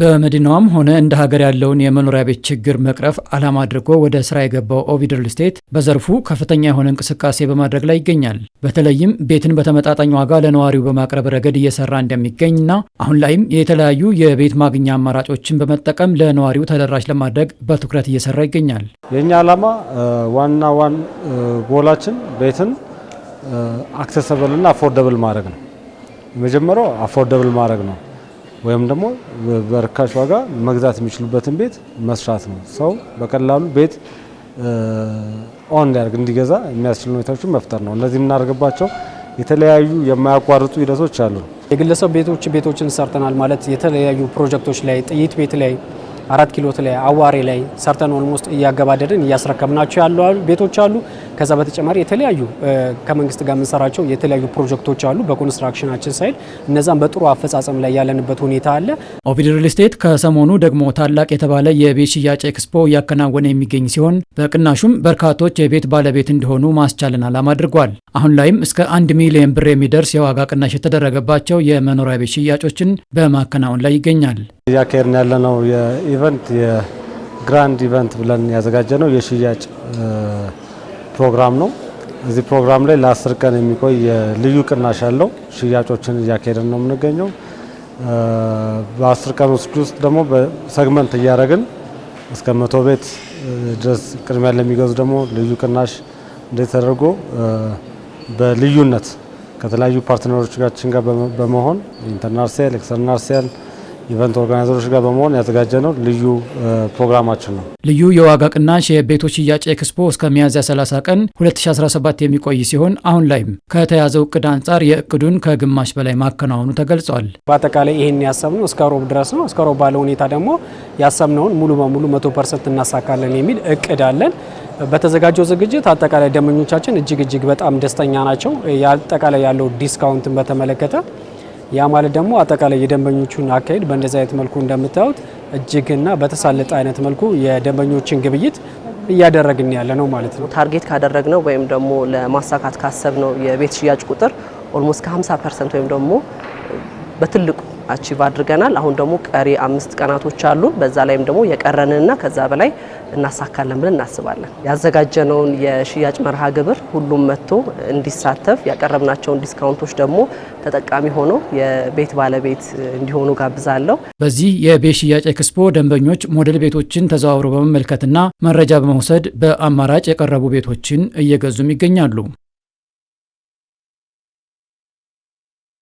በመዲናዋም ሆነ እንደ ሀገር ያለውን የመኖሪያ ቤት ችግር መቅረፍ ዓላማ አድርጎ ወደ ስራ የገባው ኦቪድ ሪል ስቴት በዘርፉ ከፍተኛ የሆነ እንቅስቃሴ በማድረግ ላይ ይገኛል። በተለይም ቤትን በተመጣጣኝ ዋጋ ለነዋሪው በማቅረብ ረገድ እየሰራ እንደሚገኝና አሁን ላይም የተለያዩ የቤት ማግኛ አማራጮችን በመጠቀም ለነዋሪው ተደራሽ ለማድረግ በትኩረት እየሰራ ይገኛል። የእኛ ዓላማ ዋና ዋን ጎላችን ቤትን አክሰሰብልና አፎርደብል ማድረግ ነው። የመጀመሪያው አፎርደብል ማድረግ ነው። ወይም ደግሞ በርካሽ ዋጋ መግዛት የሚችሉበትን ቤት መስራት ነው። ሰው በቀላሉ ቤት ኦን ሊያደርግ እንዲገዛ የሚያስችሉ ሁኔታዎችን መፍጠር ነው። እነዚህ የምናደርግባቸው የተለያዩ የማያቋርጡ ሂደቶች አሉ። የግለሰብ ቤቶች ቤቶችን ሰርተናል ማለት የተለያዩ ፕሮጀክቶች ላይ ጥይት ቤት ላይ አራት ኪሎት ላይ አዋሬ ላይ ሰርተን ኦልሞስት እያገባደድን እያስረከብናቸው ያሉ ቤቶች አሉ። ከዛ በተጨማሪ የተለያዩ ከመንግስት ጋር የምንሰራቸው የተለያዩ ፕሮጀክቶች አሉ። በኮንስትራክሽናችን ሳይድ እነዛም በጥሩ አፈጻጸም ላይ ያለንበት ሁኔታ አለ። ኦቪድ ሪል ስቴት ከሰሞኑ ደግሞ ታላቅ የተባለ የቤት ሽያጭ ኤክስፖ እያከናወነ የሚገኝ ሲሆን በቅናሹም በርካቶች የቤት ባለቤት እንዲሆኑ ማስቻልን ዓላማ አድርጓል። አሁን ላይም እስከ አንድ ሚሊዮን ብር የሚደርስ የዋጋ ቅናሽ የተደረገባቸው የመኖሪያ ቤት ሽያጮችን በማከናወን ላይ ይገኛል። እያካሄድን ያለነው የኢቨንት የግራንድ ኢቨንት ብለን ያዘጋጀ ነው የሽያጭ ፕሮግራም ነው። እዚህ ፕሮግራም ላይ ለአስር ቀን የሚቆይ ልዩ ቅናሽ ያለው ሽያጮችን እያካሄድን ነው የምንገኘው። በአስር ቀን ውስጥ ደግሞ በሰግመንት እያደረግን እስከ መቶ ቤት ድረስ ቅድሚያ ለሚገዙ ደግሞ ልዩ ቅናሽ እንደተደርጎ ተደርጎ በልዩነት ከተለያዩ ፓርትነሮቻችን ጋር በመሆን ኢንተርናርሲያል፣ ኤክስተርናርሲያል ኢቨንት ኦርጋናይዘሮች ጋር በመሆን ያዘጋጀ ነው ልዩ ፕሮግራማችን ነው። ልዩ የዋጋ ቅናሽ የቤቶች ሽያጭ ኤክስፖ እስከ ሚያዝያ 30 ቀን 2017 የሚቆይ ሲሆን አሁን ላይም ከተያዘው እቅድ አንጻር የእቅዱን ከግማሽ በላይ ማከናወኑ ተገልጿል። በአጠቃላይ ይህን ያሰብነው እስከ ሮብ ድረስ ነው። እስከ ሮብ ባለ ሁኔታ ደግሞ ያሰብነውን ሙሉ በሙሉ መቶ ፐርሰንት እናሳካለን የሚል እቅድ አለን። በተዘጋጀው ዝግጅት አጠቃላይ ደንበኞቻችን እጅግ እጅግ በጣም ደስተኛ ናቸው። አጠቃላይ ያለው ዲስካውንትን በተመለከተ ያ ማለት ደግሞ አጠቃላይ የደንበኞቹን አካሄድ በእንደዚህ አይነት መልኩ እንደምታዩት እጅግና በተሳለጠ አይነት መልኩ የደንበኞችን ግብይት እያደረግን ያለ ነው ማለት ነው። ታርጌት ካደረግ ነው ወይም ደግሞ ለማሳካት ካሰብ ነው የቤት ሽያጭ ቁጥር ኦልሞስት ከ50 ፐርሰንት ወይም ደግሞ በትልቁ አቺቭ አድርገናል። አሁን ደግሞ ቀሪ አምስት ቀናቶች አሉ በዛ ላይም ደግሞ የቀረንንና ከዛ በላይ እናሳካለን ብለን እናስባለን። ያዘጋጀነውን የሽያጭ መርሃ ግብር ሁሉም መጥቶ እንዲሳተፍ፣ ያቀረብናቸውን ዲስካውንቶች ደግሞ ተጠቃሚ ሆነው የቤት ባለቤት እንዲሆኑ ጋብዛለሁ። በዚህ የቤት ሽያጭ ኤክስፖ ደንበኞች ሞዴል ቤቶችን ተዘዋውሮ በመመልከትና መረጃ በመውሰድ በአማራጭ የቀረቡ ቤቶችን እየገዙም ይገኛሉ።